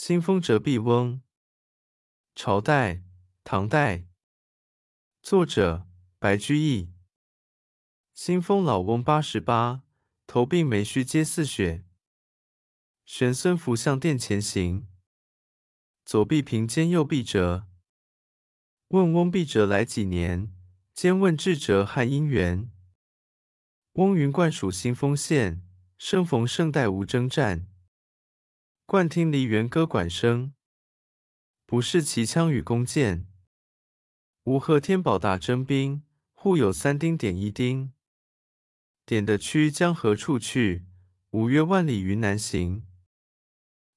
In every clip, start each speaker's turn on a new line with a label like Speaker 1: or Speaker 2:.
Speaker 1: 新豐折臂翁，朝代唐代，作者白居易。新豐老翁八十八，頭鬢眉須皆似雪。玄孫扶向店前行，左臂憑肩右臂折。問翁臂折來幾年？兼問致折何因緣。翁雲：“貫屬新豐縣，生逢聖代無征戰。”慣聽梨園歌管聲，不識旗槍與弓箭。無何天寶大徵兵，戶有三丁點一丁。點得驅將何處去？五月萬里雲南行。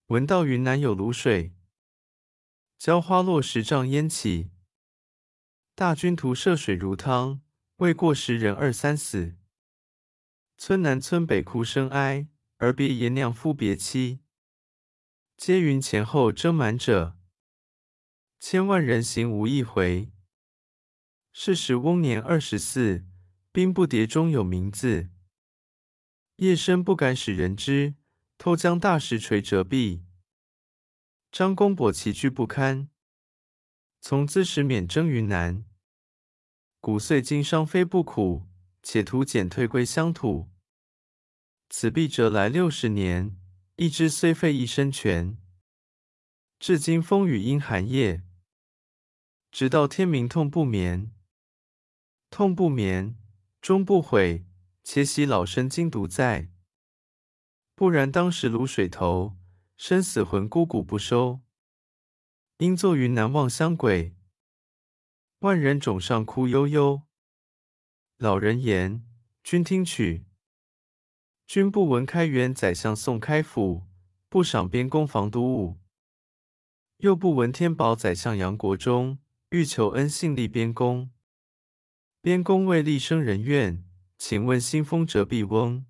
Speaker 1: 聞道雲南有瀘水，椒花落時瘴煙起。大軍徒涉水如湯，未過十人二三死。村南村北哭聲哀，兒別爺孃夫別妻。皆雲前後徵蠻者千萬人，行無一回。是時翁年二十四，兵部牒中有名字，夜深不敢使人知，偷將大石捶折臂。張弓簸旗俱不堪，從茲始免徵雲南。骨碎筋傷非不苦，且圖揀退歸鄉土。此臂折來六十年，一肢雖廢一身全。至今風雨陰寒夜，直到天明痛不眠，痛不眠終不悔，且喜老身今獨在。不然當時瀘水頭，身死魂孤骨不收，應作雲南望鄉鬼。萬人冢上哭呦呦。老人言，君聽取，君不聞開元宰相宋開府，不賞邊功防黷武。又不聞天寶，宰相楊國忠，欲求恩幸立邊功，立邊功，邊功未立，生人怨，請問新豐折臂翁。